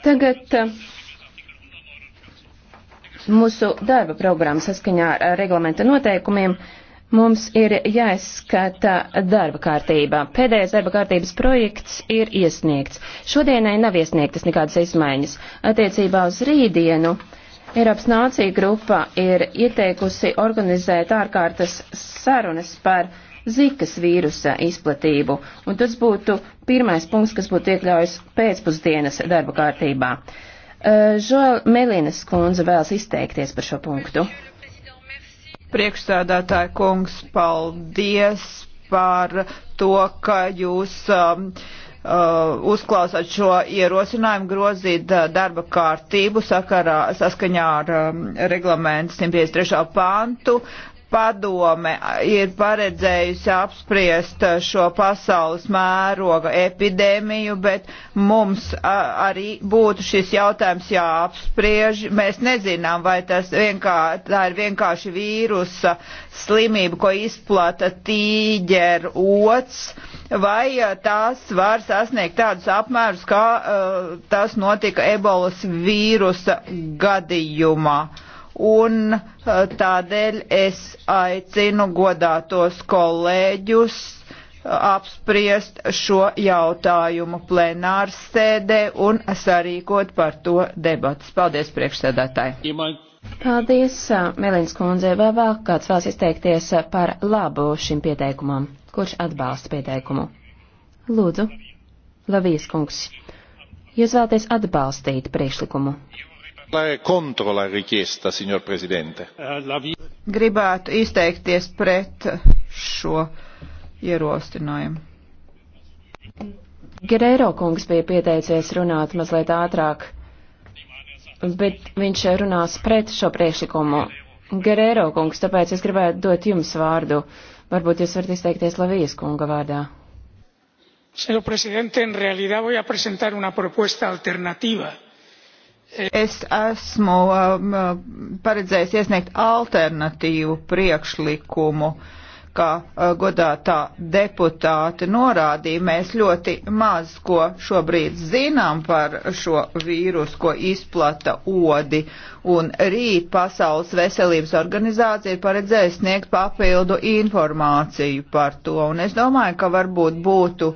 Tagad eh, mūsu darba programma saskaņā ar eh, reglamenta noteikumiem mums ir jāizskata darba kārtībā. Pēdējais darba kārtības projekts ir iesniegts. Šodienai nav iesniegtas nekādas izmaiņas. Attiecībā uz rītdienu Eiropas nācija grupa ir ieteikusi organizēt ārkārtas sarunas par zikas vīrusa izplatību, un tas būtu pirmais punkts, kas būtu iekļaujas pēcpusdienas darba kārtībā. Žoel Melīnas kundze vēlas izteikties par šo punktu. Priekšsēdētāja kungs, paldies par to, ka jūs um, Uh, uzklausot šo ierosinājumu grozīt uh, darba kārtību sakarā, saskaņā ar um, reglamentu 153. pantu padome ir paredzējusi apspriest šo pasaules mēroga epidēmiju, bet mums arī būtu šis jautājums jāapspriež. Mēs nezinām, vai tas vienkār, tā ir vienkārši vīrusa slimība, ko izplata tīģeru ots, vai tās var sasniegt tādus apmērus, kā uh, tas notika ebolas vīrusa gadījumā un eh, tādēļ es aicinu godātos kolēģus eh, apspriest šo jautājumu plenārs sēdē un sarīkot par to debatas. Paldies, priekšsēdētāji! Paldies, eh, Melīnas kundze, vai vēl kāds vēlas izteikties par labu šim pieteikumam? Kurš atbalsta pieteikumu? Lūdzu, Lavijas kungs, jūs vēlaties atbalstīt priekšlikumu? Eh, gribētu izteikties pret šo ierostinājumu. Gerēro kungs bija pieteicies runāt mazliet ātrāk, bet viņš runās pret šo priekšlikumu. Gerēro kungs, tāpēc es gribētu dot jums vārdu. Varbūt jūs varat izteikties Lavijas kunga vārdā. Señor presidente, en realidad voy a presentar una propuesta alternativa Es esmu um, uh, paredzējis iesniegt alternatīvu priekšlikumu, kā uh, godātā deputāte norādīja. Mēs ļoti maz ko šobrīd zinām par šo vīrusu, ko izplata odi. Un rīt Pasaules veselības organizācija ir paredzējusi sniegt papildu informāciju par to. Un es domāju, ka varbūt būtu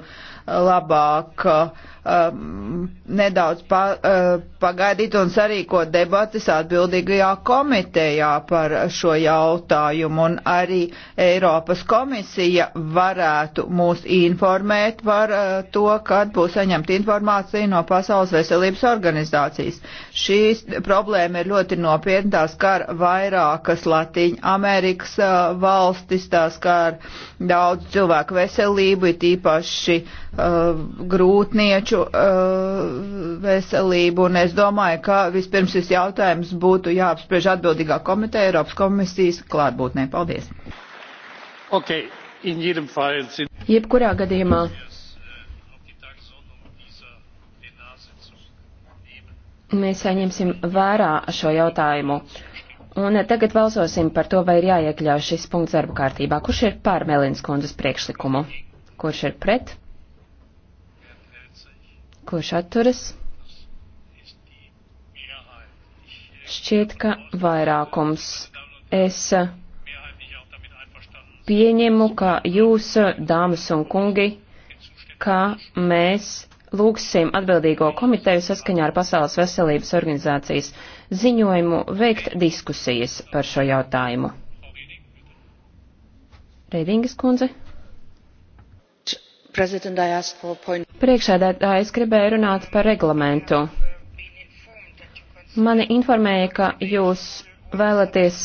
labāk. Uh, um, nedaudz pa, uh, pagaidīt un sarīkot debatas atbildīgajā komitejā par šo jautājumu. Un arī Eiropas komisija varētu mūs informēt par uh, to, kad būs saņemta informācija no Pasaules veselības organizācijas. Šīs problēma ir ļoti nopietna, tās skar vairākas Latīņa Amerikas uh, valstis, tās skar daudz cilvēku veselību, ir tīpaši uh, grūtnieču finanšu uh, veselību, un es domāju, ka vispirms šis jautājums būtu jāapspriež atbildīgā komiteja Eiropas komisijas klātbūtnē. Paldies! Okay. Jebkurā gadījumā mēs saņemsim vērā šo jautājumu. Un tagad balsosim par to, vai ir jāiekļauj šis punkts darba kārtībā. Kurš ir pār Melins kundzes priekšlikumu? Kurš ir pret? kurš atturas. Šķiet, ka vairākums. Es uh, pieņemu, ka jūs, uh, dāmas un kungi, ka mēs lūgsim atbildīgo komiteju saskaņā ar Pasaules veselības organizācijas ziņojumu veikt diskusijas par šo jautājumu. Reidingas kundze. Priekšēdētāji, es gribēju runāt par reglamentu. Mani informēja, ka jūs vēlaties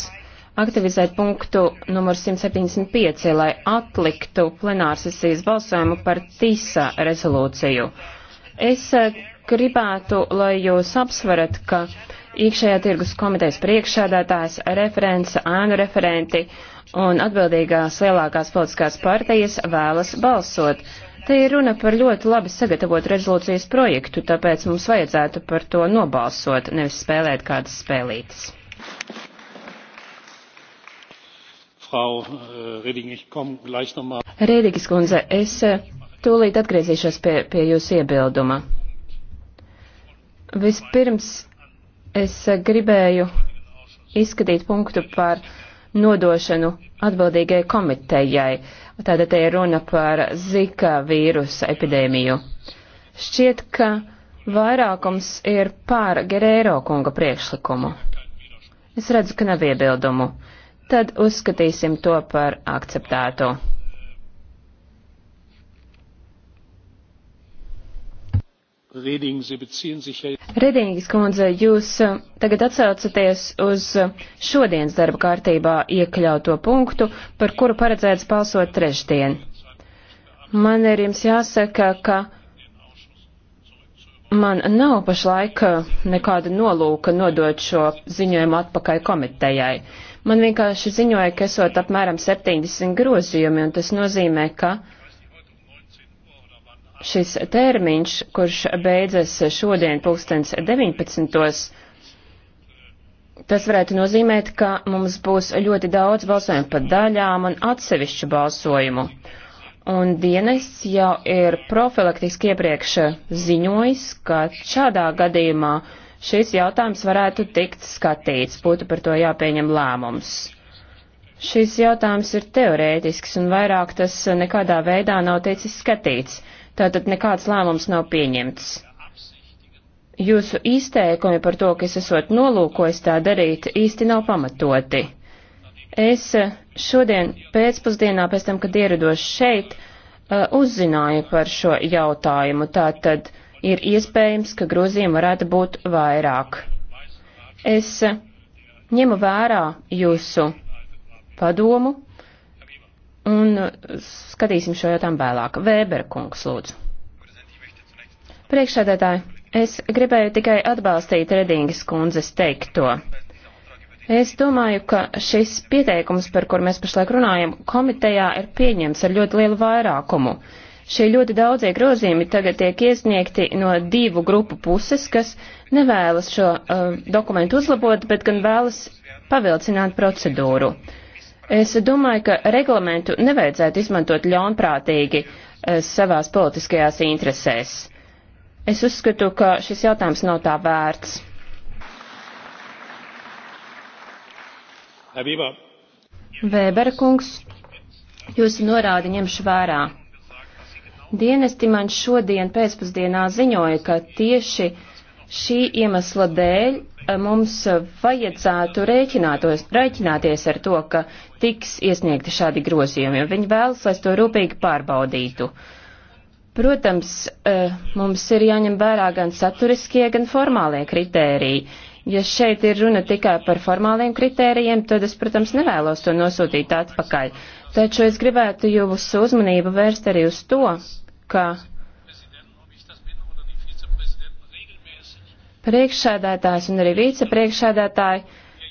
aktivizēt punktu numur 175, lai atliktu plenārsesijas balsojumu par TISA rezolūciju. Es eh, gribētu, lai jūs apsverat, ka iekšējā tirgus komitejas priekšsēdētājs, referents, ēnu referenti un atbildīgās lielākās politiskās partijas vēlas balsot. Te ir runa par ļoti labi sagatavotu rezolūcijas projektu, tāpēc mums vajadzētu par to nobalsot, nevis spēlēt kādas spēlītes. Frau äh, Redingis, kom gleich nochmal. Redingis kundze, es äh, Tūlīt atgriezīšos pie, pie jūsu iebilduma. Vispirms es gribēju izskatīt punktu par nodošanu atbildīgai komitejai. Tātad te ir runa par Zika vīrusa epidēmiju. Šķiet, ka vairākums ir pār Gerēro kunga priekšlikumu. Es redzu, ka nav iebildumu. Tad uzskatīsim to par akceptēto. Redingas kundze, jūs eh, tagad atsaucaties uz eh, šodienas darba kārtībā iekļauto punktu, par kuru paredzēts balsot trešdien. Man ir jums jāsaka, ka man nav pašlaik eh, nekāda nolūka nodot šo ziņojumu atpakaļ komitejai. Man vienkārši ziņoja, ka esot apmēram 70 grozījumi, un tas nozīmē, ka šis termiņš, kurš beidzas šodien pulkstens 19. Tas varētu nozīmēt, ka mums būs ļoti daudz balsojumu pa daļām un atsevišķu balsojumu. Un dienests jau ir profilaktiski iepriekš ziņojis, ka šādā gadījumā šis jautājums varētu tikt skatīts, būtu par to jāpieņem lēmums. Šis jautājums ir teorētisks un vairāk tas nekādā veidā nav teicis skatīts. Tātad nekāds lēmums nav pieņemts. Jūsu izteikumi par to, ka es esot nolūkojis tā darīt, īsti nav pamatoti. Es eh, šodien pēcpusdienā, pēc tam, kad ierados šeit, eh, uzzināju par šo jautājumu. Tātad ir iespējams, ka grozījumi varētu būt vairāk. Es eh, ņemu vērā jūsu padomu un uh, skatīsim šo jautājumu vēlāk. Vēbera kungs, lūdzu. Priekšsēdētāji, es gribēju tikai atbalstīt Redingas kundzes teikto. Es domāju, ka šis pieteikums, par kur mēs pašlaik runājam, komitejā ir pieņems ar ļoti lielu vairākumu. Šie ļoti daudzie grozījumi tagad tiek iesniegti no divu grupu puses, kas nevēlas šo uh, dokumentu uzlabot, bet gan vēlas pavilcināt procedūru. Uh, Es domāju, ka reglamentu nevajadzētu izmantot ļaunprātīgi eh, savās politiskajās interesēs. Es uzskatu, ka šis jautājums nav tā vērts. Vēbera kungs, jūsu norādi ņemšu vērā. Dienesti man šodien pēcpusdienā ziņoja, ka tieši uh, Šī iemesla dēļ eh, mums vajadzētu rēķināties ar to, ka tiks iesniegti šādi grozījumi, un viņi vēlas, lai es to rūpīgi pārbaudītu. Protams, eh, mums ir jāņem vērā gan saturiskie, gan formālie kritēriji. Ja šeit ir runa tikai par formāliem kritērijiem, tad es, protams, nevēlos to nosūtīt atpakaļ. Taču es gribētu jūsu uzmanību vērst arī uz to, ka priekšsēdētājs un arī vicepriekšsēdētāji,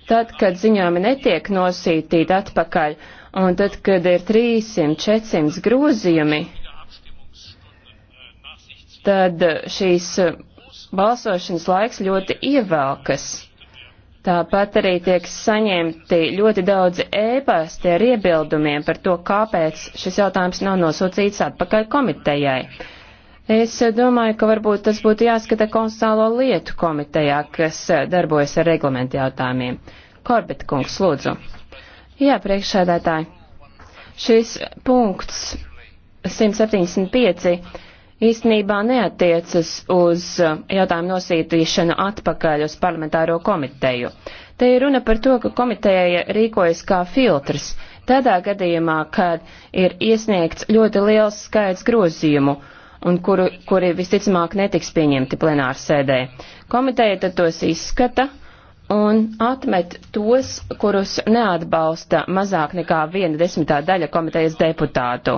tad, kad ziņojumi netiek nosītīti atpakaļ, un tad, kad ir 300-400 grozījumi, tad šīs balsošanas laiks ļoti ievelkas. Tāpat arī tiek saņemti ļoti daudzi ēpasti ar iebildumiem par to, kāpēc šis jautājums nav nosūcīts atpakaļ komitejai. Es domāju, ka varbūt tas būtu jāskata konstitucionālo lietu komitejā, kas darbojas ar reglamentu jautājumiem. Korbet kungs, lūdzu. Jā, priekšsēdētāji. Šis punkts 175 īstenībā neatiecas uz jautājumu nosītīšanu atpakaļ uz parlamentāro komiteju. Te ir runa par to, ka komiteja rīkojas kā filtrs tādā gadījumā, kad ir iesniegts ļoti liels skaits grozījumu un kuru, kuri visticamāk netiks pieņemti plenāru sēdē. Komiteja tad tos izskata un atmet tos, kurus neatbalsta mazāk nekā viena desmitā daļa komitejas deputātu.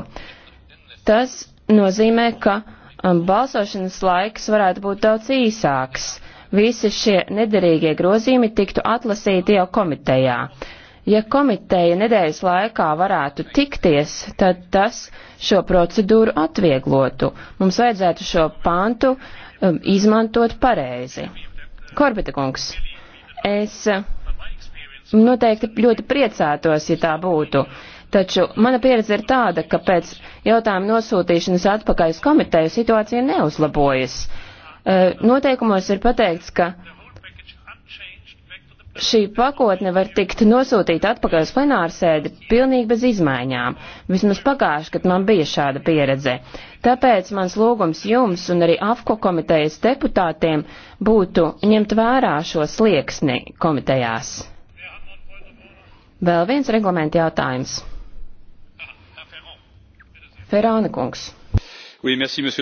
Tas nozīmē, ka um, balsošanas laiks varētu būt daudz īsāks. Visi šie nederīgie grozījumi tiktu atlasīti jau komitejā. Ja komiteja nedēļas laikā varētu tikties, tad tas šo procedūru atvieglotu. Mums vajadzētu šo pantu um, izmantot pareizi. Korbita kungs, es uh, noteikti ļoti priecātos, ja tā būtu. Taču mana pieredze ir tāda, ka pēc jautājuma nosūtīšanas atpakaļ uz komiteju situācija neuzlabojas. Uh, noteikumos ir pateikts, ka šī pakotne var tikt nosūtīta atpakaļ uz plenārsēdi pilnīgi bez izmaiņām. Vismaz pagājuši, kad man bija šāda pieredze. Tāpēc mans lūgums jums un arī AFKO komitejas deputātiem būtu ņemt vērā šo slieksni komitejās. Vēl viens reglamenta jautājums. Ferāna kungs.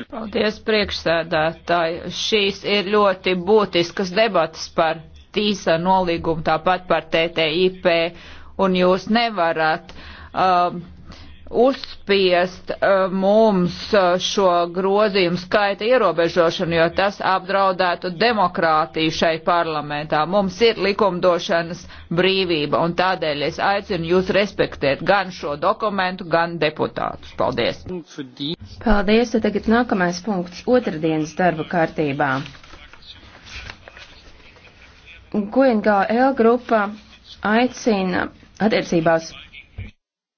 Paldies, priekšsēdētāji. Šīs ir ļoti būtiskas debatas par tīsa nolīgumu, tāpat par TTIP, un jūs nevarat um, uzspiest um, uh, mums šo grozījumu skaita ierobežošanu, jo tas apdraudētu demokrātiju šai parlamentā. Mums ir likumdošanas brīvība, un tādēļ es aicinu jūs respektēt gan šo dokumentu, gan deputātus. Paldies! Paldies! Tagad nākamais punkts otrdienas darba kārtībā. GNGL grupa aicina attiecībās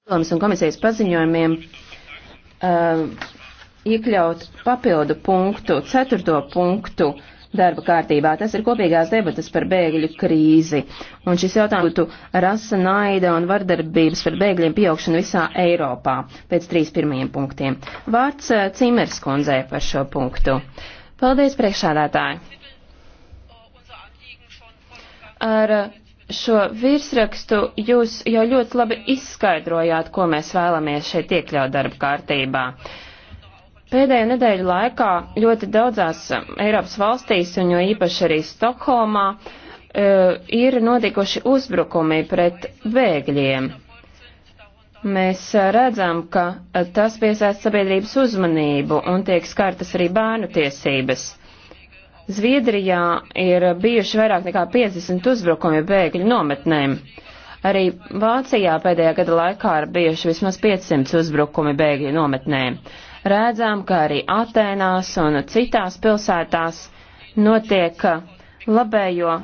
padomas un komisijas paziņojumiem uh, iekļaut papildu punktu, ceturto punktu darba kārtībā. Tas ir kopīgās debatas par bēgļu krīzi. Un šis jautājums būtu rasa, naida un vardarbības par bēgļiem pieaugšanu visā Eiropā pēc trīs pirmajiem punktiem. Vārds uh, Cimers kundzē par šo punktu. Paldies, priekšādātāji! Ar šo virsrakstu jūs jau ļoti labi izskaidrojāt, ko mēs vēlamies šeit iekļaut darba kārtībā. Pēdējo nedēļu laikā ļoti daudzās Eiropas valstīs, un jo īpaši arī Stokholmā, e, ir notikuši uzbrukumi pret bēgļiem. Mēs redzam, ka tas piesaista sabiedrības uzmanību un tiek skartas arī bērnu tiesības. Zviedrijā ir bijuši vairāk nekā 50 uzbrukumi bēgļu nometnēm. Arī Vācijā pēdējā gada laikā ir bijuši vismaz 500 uzbrukumi bēgļu nometnēm. Redzām, ka arī Atēnās un citās pilsētās notiek labējo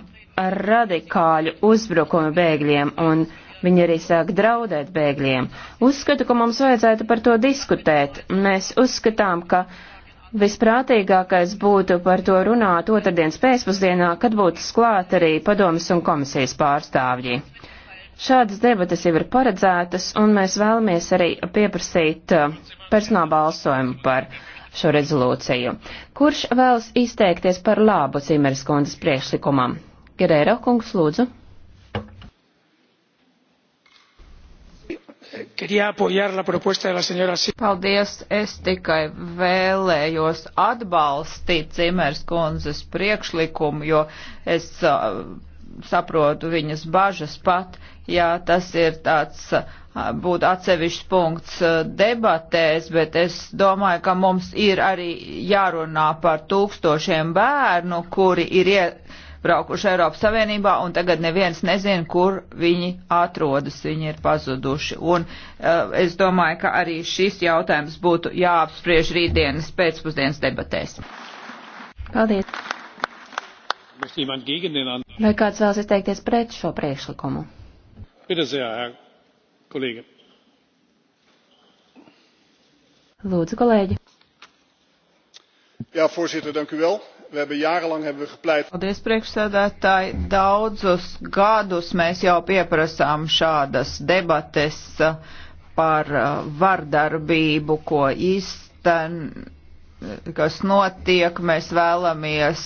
radikāļu uzbrukumi bēgļiem un viņi arī sāk draudēt bēgļiem. Uzskatu, ka mums vajadzētu par to diskutēt. Mēs uzskatām, ka Visprātīgākais būtu par to runāt otrdienas pēcpusdienā, kad būtu sklāt arī padomas un komisijas pārstāvji. Šādas debatas jau ir paredzētas, un mēs vēlamies arī pieprasīt uh, personāla balsojumu par šo rezolūciju. Kurš vēlas izteikties par labu Cimeres kundzes priekšlikumam? Gerēro kungs, lūdzu. Quería apoyar la propuesta de la señora Paldies, es tikai vēlējos atbalstīt Cimers kundzes priekšlikumu, jo es uh, saprotu viņas bažas pat, ja tas ir tāds uh, būtu atsevišķs punkts debatēs, bet es domāju, ka mums ir arī jārunā par tūkstošiem bērnu, kuri ir iesaistīti braukuši Eiropas Savienībā, un tagad neviens nezina, kur viņi atrodas, viņi ir pazuduši. Un uh, es domāju, ka arī šis jautājums būtu jāapspriež rītdienas pēcpusdienas debatēs. Paldies! Vai kāds vēlas izteikties pret šo priekšlikumu? Lūdzu, kolēģi. Ja, voorzitter, dank u wel. We hebben jarenlang hebben we gepleit. Paldies, priekšsēdētāji. Daudzus gadus mēs jau pieprasām šādas debates uh, par uh, vardarbību, ko īsten, uh, kas notiek. Mēs vēlamies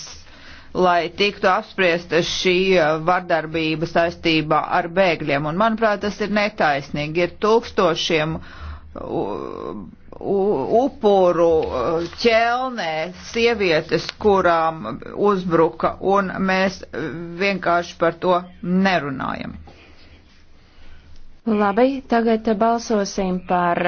lai tiktu apspriesta šī vardarbība saistībā ar bēgļiem. Un, manuprāt, tas ir netaisnīgi. Ir tūkstošiem upuru eh, ķelnē sievietes, kurām uzbruka, un mēs vienkārši par to nerunājam. Labi, tagad balsosim par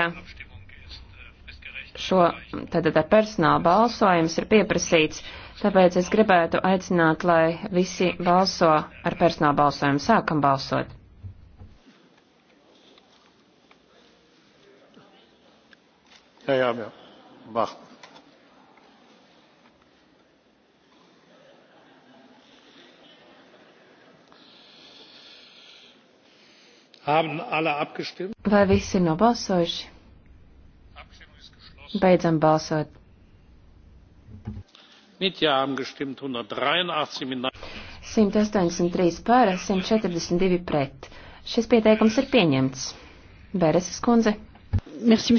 šo, tad ar personālu balsojums ir pieprasīts, tāpēc es gribētu aicināt, lai visi balso ar personālu balsojumu. Sākam balsot! Jā, jā, jā. Mach. Vai visi ir nobalsojuši? Beidzam balsot. Mit ja haben gestimmt 183 min. 183 pār, 142 pret. Šis pieteikums ir pieņemts. Bereses kundze. Merci,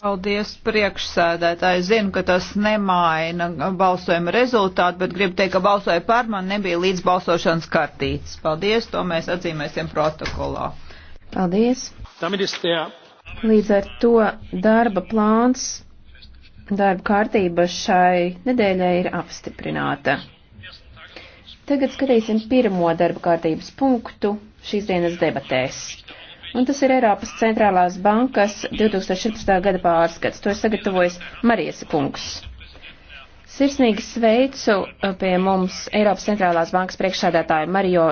Paldies priekšsēdētāji. Zinu, ka tas nemaina balsojuma rezultātu, bet gribu teikt, ka balsoja par man nebija līdz balsošanas kartītes. Paldies, to mēs atzīmēsim protokolā. Paldies. Līdz ar to darba plāns, darba kārtība šai nedēļai ir apstiprināta. Tagad skatīsim pirmo darba kārtības punktu šīs dienas debatēs. Un tas ir Eiropas centrālās bankas 2014. gada pārskats. To ir sagatavojis Marijas kungs. Sirsnīgi sveicu uh, pie mums Eiropas centrālās bankas priekšsādātāju Mario